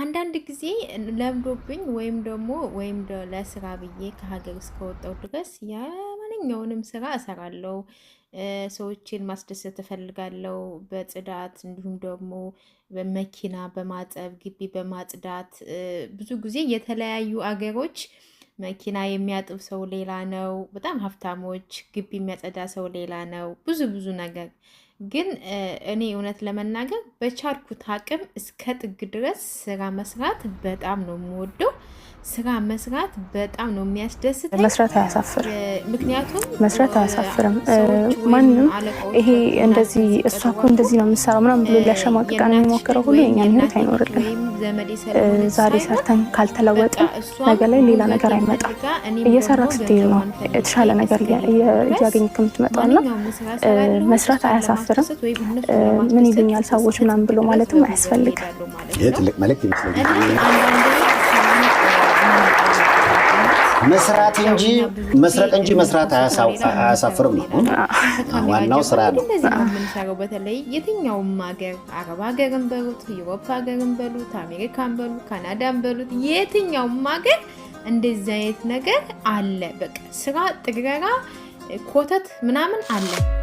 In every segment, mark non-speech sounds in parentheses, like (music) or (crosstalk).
አንዳንድ ጊዜ ለምዶብኝ ወይም ደግሞ ወይም ለስራ ብዬ ከሀገር እስከወጣው ድረስ የማንኛውንም ስራ እሰራለሁ። ሰዎችን ማስደሰት እፈልጋለሁ በጽዳት እንዲሁም ደግሞ በመኪና በማጠብ ግቢ በማጽዳት ብዙ ጊዜ የተለያዩ አገሮች መኪና የሚያጥብ ሰው ሌላ ነው። በጣም ሀብታሞች ግቢ የሚያጸዳ ሰው ሌላ ነው። ብዙ ብዙ ነገር ግን እኔ እውነት ለመናገር በቻልኩት አቅም እስከ ጥግ ድረስ ስራ መስራት በጣም ነው የምወደው። ስጋ መስራት በጣም ነው የሚያስደስት። መስራት አያሳፍርም፣ ምክንያቱም መስራት አያሳፍርም። ማንም ይሄ እንደዚህ እሷ እኮ እንደዚህ ነው የምሰራው ምናምን ብሎ ሊያሸማቅቀን የሚሞክረው ሁሉ የኛን ህይወት አይኖርልን። ዛሬ ሰርተን ካልተለወጥን ነገ ላይ ሌላ ነገር አይመጣም። እየሰራ ስትሄድ ነው የተሻለ ነገር እያገኝ የምትመጣው እና መስራት አያሳፍርም። ምን ይሉኛል ሰዎች ምናምን ብሎ ማለትም አያስፈልግም። ይህ ትልቅ መልዕክት ይመስለኛል። መስራት እንጂ መስረቅ እንጂ መስራት አያሳፍርም ነው። ዋናው ስራ ነው። የምንሰራው በተለይ የትኛውም ሀገር አረብ ሀገርን በሉት ዩሮፕ ሀገርን በሉት አሜሪካን በሉት ካናዳን በሉት የትኛውም ሀገር እንደዚህ አይነት ነገር አለ። በቃ ስራ ጥግረራ፣ ኮተት ምናምን አለ።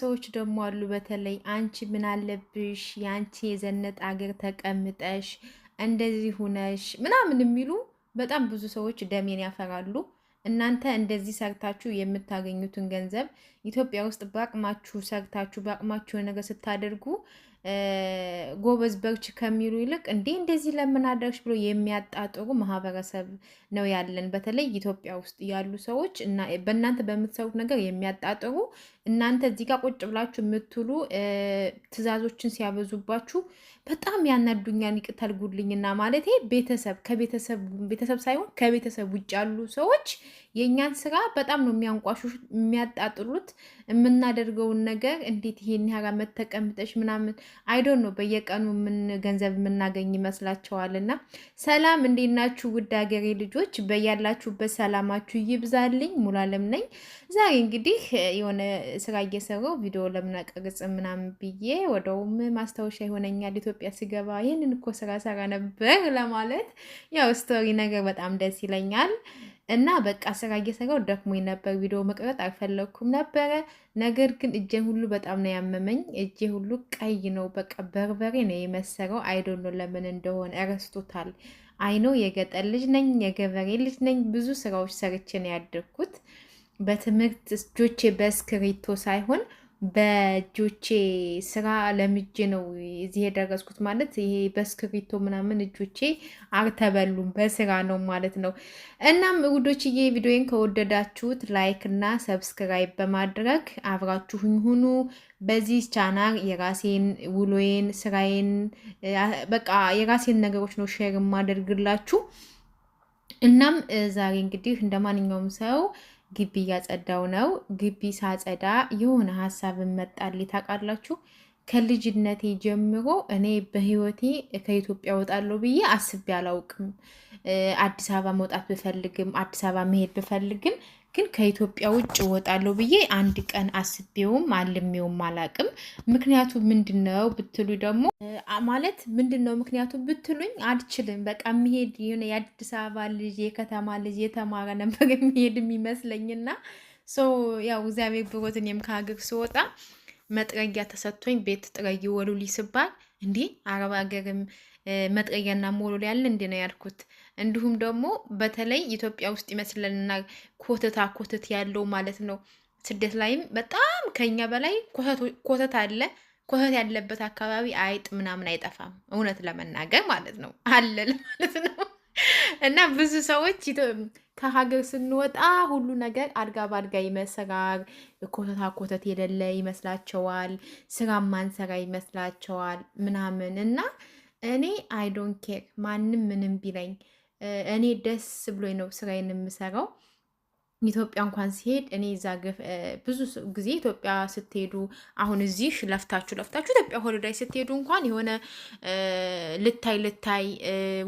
ሰዎች ደግሞ አሉ። በተለይ አንቺ ምን አለብሽ የአንቺ የዘነጥ አገር ተቀምጠሽ እንደዚህ ሁነሽ ምናምን የሚሉ በጣም ብዙ ሰዎች ደሜን ያፈራሉ። እናንተ እንደዚህ ሰርታችሁ የምታገኙትን ገንዘብ ኢትዮጵያ ውስጥ በአቅማችሁ ሰርታችሁ በአቅማችሁ ነገር ስታደርጉ ጎበዝ በርች ከሚሉ ይልቅ እንዴ እንደዚህ ለምን አደረግሽ ብሎ የሚያጣጥሩ ማህበረሰብ ነው ያለን። በተለይ ኢትዮጵያ ውስጥ ያሉ ሰዎች እና በእናንተ በምትሰሩት ነገር የሚያጣጥሩ እናንተ እዚህ ጋር ቁጭ ብላችሁ የምትሉ ትዕዛዞችን ሲያበዙባችሁ በጣም ያናዱኛን ይቅርታ ማለት ቤተሰብ ከቤተሰብ ቤተሰብ ሳይሆን ከቤተሰብ ውጭ ያሉ ሰዎች የእኛን ስራ በጣም ነው የሚያንቋሹ የሚያጣጥሉት የምናደርገውን ነገር እንዴት ይሄን ያህል ዓመት ተቀምጠሽ ምናምን አይዶን ነው በየቀኑ ምን ገንዘብ የምናገኝ ይመስላቸዋል። እና ሰላም እንዴት ናችሁ ውድ ሀገሬ ልጆች፣ በያላችሁበት ሰላማችሁ ይብዛልኝ። ሙሉዓለም ነኝ። ዛሬ እንግዲህ የሆነ ስራ እየሰራው ቪዲዮ ለምን አቀርጽ ምናምን ብዬ ወደውም ማስታወሻ ይሆነኛል ኢትዮጵያ ስገባ ይህንን እኮ ስራ ሰራ ነበር ለማለት ያው ስቶሪ ነገር በጣም ደስ ይለኛል። እና በቃ ስራ እየሰራው ደክሞኝ ነበር። ቪዲዮ መቅረጥ አልፈለግኩም ነበረ። ነገር ግን እጄን ሁሉ በጣም ነው ያመመኝ። እጄ ሁሉ ቀይ ነው፣ በቃ በርበሬ ነው የመሰረው። አይዶኖ ለምን እንደሆነ ረስቶታል። አይኖ የገጠር ልጅ ነኝ፣ የገበሬ ልጅ ነኝ። ብዙ ስራዎች ሰርቼ ነው ያደግኩት። በትምህርት እጆቼ በእስክሪቶ ሳይሆን በእጆቼ ስራ ለምጄ ነው እዚህ የደረስኩት ማለት ይሄ በእስክሪቶ ምናምን እጆቼ አልተበሉም በስራ ነው ማለት ነው። እናም ውዶችዬ ቪዲዮን ከወደዳችሁት ላይክ እና ሰብስክራይብ በማድረግ አብራችሁኝ ሁኑ። በዚህ ቻናል የራሴን ውሎዬን፣ ስራዬን በቃ የራሴን ነገሮች ነው ሼር የማደርግላችሁ። እናም ዛሬ እንግዲህ እንደ ማንኛውም ሰው ግቢ እያጸዳው ነው። ግቢ ሳጸዳ የሆነ ሀሳብ መጣልኝ ታውቃላችሁ። ከልጅነቴ ጀምሮ እኔ በህይወቴ ከኢትዮጵያ ወጣለሁ ብዬ አስቤ አላውቅም። አዲስ አበባ መውጣት ብፈልግም አዲስ አበባ መሄድ ብፈልግም ግን ከኢትዮጵያ ውጭ እወጣለሁ ብዬ አንድ ቀን አስቤውም አልሜውም አላቅም። ምክንያቱ ምንድን ነው ብትሉ ደግሞ ማለት ምንድን ነው ምክንያቱ ብትሉኝ አልችልም። በቃ መሄድ የሆነ የአዲስ አበባ ልጅ የከተማ ልጅ የተማረ ነበር የሚሄድ የሚመስለኝና ሰው ያው እግዚአብሔር ብሮት እኔም ከሀገር ስወጣ መጥረጊያ ተሰጥቶኝ ቤት ጥረጊ ወሉሊ ስባል እንዴ አረብ ሀገርም መጥረጊያና ሞሎሊ ያለ እንዴ ነው ያልኩት። እንዲሁም ደግሞ በተለይ ኢትዮጵያ ውስጥ ይመስለንና ኮተታ ኮተት ያለው ማለት ነው። ስደት ላይም በጣም ከኛ በላይ ኮተት አለ። ኮተት ያለበት አካባቢ አይጥ ምናምን አይጠፋም፣ እውነት ለመናገር ማለት ነው አለል ማለት ነው። እና ብዙ ሰዎች ከሀገር ስንወጣ ሁሉ ነገር አድጋ በአድጋ ይመስላል። ኮተታ ኮተት የሌለ ይመስላቸዋል። ስራ ማንሰራ ይመስላቸዋል ምናምን እና እኔ አይዶን ኬር ማንም ምንም ቢለኝ እኔ ደስ ብሎኝ ነው ስራዬን የምሰራው። ኢትዮጵያ እንኳን ሲሄድ እኔ እዛ ብዙ ጊዜ ኢትዮጵያ ስትሄዱ አሁን እዚህ ለፍታችሁ ለፍታችሁ ኢትዮጵያ ሆልዳይ ስትሄዱ እንኳን የሆነ ልታይ ልታይ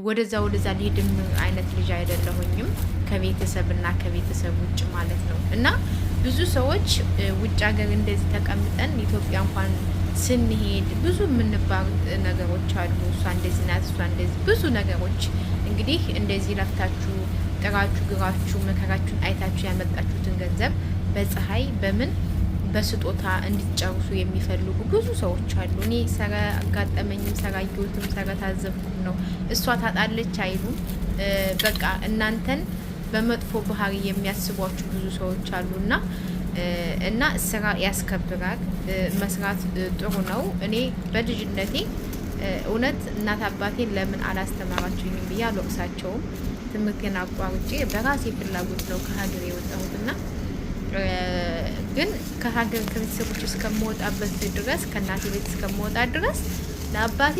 ወደዛ ወደዛ ሊሄድም አይነት ልጅ አይደለሁኝም ከቤተሰብ እና ከቤተሰብ ውጭ ማለት ነው። እና ብዙ ሰዎች ውጭ ሀገር እንደዚህ ተቀምጠን ኢትዮጵያ እንኳን ስንሄድ ብዙ የምንባሉት ነገሮች አሉ። እሷ እንደዚህ ናት፣ እሷ እንደዚህ ብዙ ነገሮች እንግዲህ እንደዚህ ለፍታችሁ ጥራችሁ ግራችሁ መከራችሁን አይታችሁ ያመጣችሁትን ገንዘብ በፀሐይ በምን በስጦታ እንዲጨርሱ የሚፈልጉ ብዙ ሰዎች አሉ። እኔ ሰራ አጋጠመኝም፣ ሰራ አየሁትም፣ ሰራ ታዘብኩም ነው። እሷ ታጣለች አይሉም። በቃ እናንተን በመጥፎ ባህሪ የሚያስቧችሁ ብዙ ሰዎች አሉና እና ስራ ያስከብራል። መስራት ጥሩ ነው። እኔ በልጅነቴ እውነት እናት አባቴን ለምን አላስተማራችሁኝም ብዬ አልወቅሳቸውም። ትምህርቴን አቋርጬ በራሴ ፍላጎት ነው ከሀገር የወጣሁትና ግን ከሀገር ከቤተሰቦች እስከምወጣበት ድረስ ከእናቴ ቤት እስከምወጣ ድረስ ለአባቴ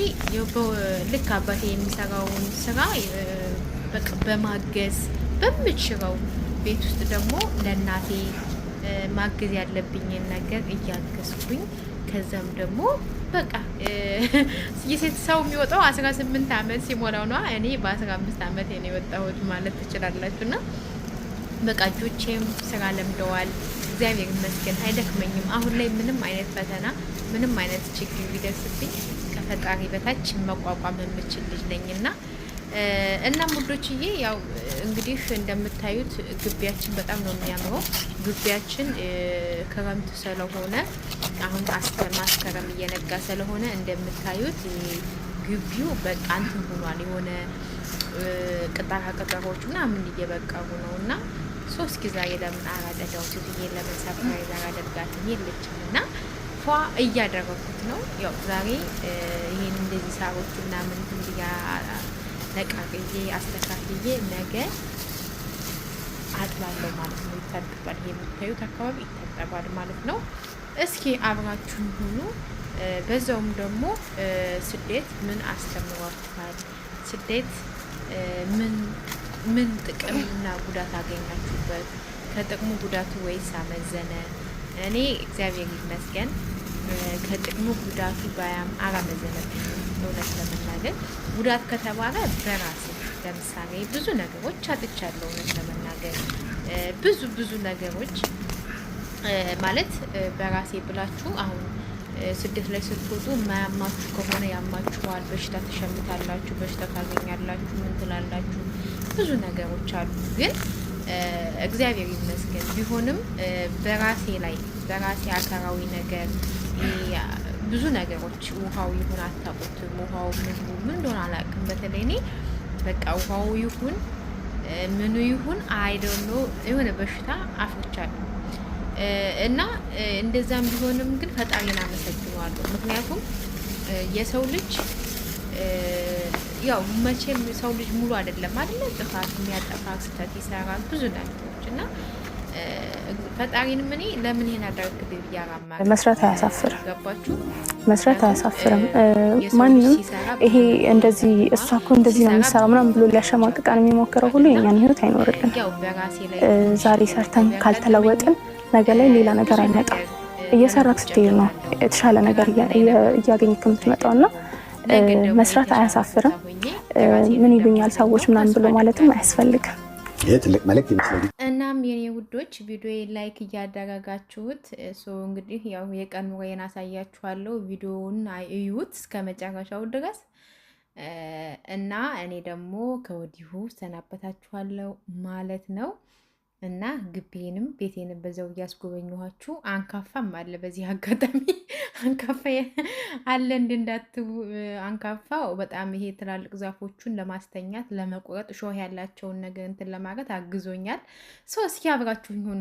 ልክ አባቴ የሚሰራውን ስራ በማገዝ በምችለው ቤት ውስጥ ደግሞ ለእናቴ ማገዝ ያለብኝን ነገር እያገዝኩኝ ከዛም ደግሞ በቃ የሴት ሰው የሚወጣው አስራ ስምንት አመት ሲሞላው ነዋ። እኔ በአስራ አምስት አመት ነው የወጣሁት ማለት ትችላላችሁ። እና በቃ እጆቼም ስራ ለምደዋል። እግዚአብሔር ይመስገን አይደክመኝም። አሁን ላይ ምንም አይነት ፈተና ምንም አይነት ችግር ቢደርስብኝ ከፈጣሪ በታች መቋቋም የምችል ልጅ ነኝና እናም ውዶችዬ ያው እንግዲህ እንደምታዩት ግቢያችን በጣም ነው የሚያምረው። ግቢያችን ክረምት ስለሆነ አሁን ማስከረም እየነጋ ስለሆነ እንደምታዩት ግቢው በቃ እንትን ሆኗል። የሆነ ቅጠላ ቅጠሎች ምናምን እየበቀሩ ነው እና ሶስት ጊዜ የለምን አራጠዳው ትትዬ ለምን ሰርፕራይዝ አላደርጋትም የለችም እና ፏ እያደረኩት ነው። ያው ዛሬ ይሄን እንደዚህ ሳሮቹ ምናምን ብያ ነቃቅዬ አስተካክዬ ነገ አጥባለሁ ማለት ነው። ይታጠባል። የምታዩት አካባቢ ይታጠባል ማለት ነው። እስኪ አብራችሁን ሁኑ። በዛውም ደግሞ ስደት ምን አስተምሯችኋል? ስደት ምን ምን ጥቅም እና ጉዳት አገኛችሁበት? ከጥቅሙ ጉዳቱ ወይስ አመዘነ? እኔ እግዚአብሔር ይመስገን ከጥቅሙ ጉዳቱ ባያም አላመዘነብኝም። እውነት ለመናገር ጉዳት ከተባለ በራሴ ለምሳሌ ብዙ ነገሮች አጥቻለሁ። እውነት ለመናገር ብዙ ብዙ ነገሮች ማለት በራሴ ብላችሁ አሁን ስደት ላይ ስትወጡ የማያማችሁ ከሆነ ያማችኋል፣ በሽታ ተሸምታላችሁ፣ በሽታ ታገኛላችሁ፣ ምን ትላላችሁ? ብዙ ነገሮች አሉ። ግን እግዚአብሔር ይመስገን ቢሆንም በራሴ ላይ በራሴ አካራዊ ነገር ብዙ ነገሮች ውሃው ይሁን አታውቁትም። ውሃው ምግቡ ምን እንደሆነ አላውቅም። በተለይ እኔ በቃ ውሃው ይሁን ምኑ ይሁን አይደሎ የሆነ በሽታ አፍርቻለሁ እና እንደዛም ቢሆንም ግን ፈጣሪን አመሰግነዋለሁ። ምክንያቱም የሰው ልጅ ያው መቼም ሰው ልጅ ሙሉ አይደለም አይደለ? ጥፋት የሚያጠፋ ስህተት ይሰራል ብዙ ነገሮች እና ፈጣሪንም እኔ ለምን መስራት አያሳፍርም። ገባችሁ? መስራት አያሳፍርም። ማንም ይሄ እንደዚህ እሷ እኮ እንደዚህ ነው የሚሰራው ምናምን ብሎ ሊያሸማቅቃን የሚሞክረው ሁሉ የኛን ህይወት አይኖርልን። ዛሬ ሰርተን ካልተለወጥን ነገ ላይ ሌላ ነገር አይመጣም። እየሰራክ ስትሄድ ነው የተሻለ ነገር እያገኘክ የምትመጣው እና መስራት አያሳፍርም። ምን ይሉኛል ሰዎች ምናምን ብሎ ማለትም አያስፈልግም። ትልቅ መልእክት ይመስለኛል። እናም የኔ ውዶች ቪዲዮ ላይክ እያደረጋችሁት እንግዲህ ያው የቀን ወይን አሳያችኋለሁ። ቪዲዮውን እዩት እስከ መጨረሻው ድረስ እና እኔ ደግሞ ከወዲሁ ሰናበታችኋለሁ ማለት ነው። እና ግቢዬንም ቤቴንም በዛው እያስጎበኘኋችሁ አንካፋም አለ። በዚህ አጋጣሚ (laughs) አንካፋ አለ እንዳት አንካፋው በጣም ይሄ ትላልቅ ዛፎቹን ለማስተኛት ለመቁረጥ፣ ሾህ ያላቸውን ነገር እንትን ለማድረግ አግዞኛል። ሰው እስኪ አብራችሁኝ ሆኑ።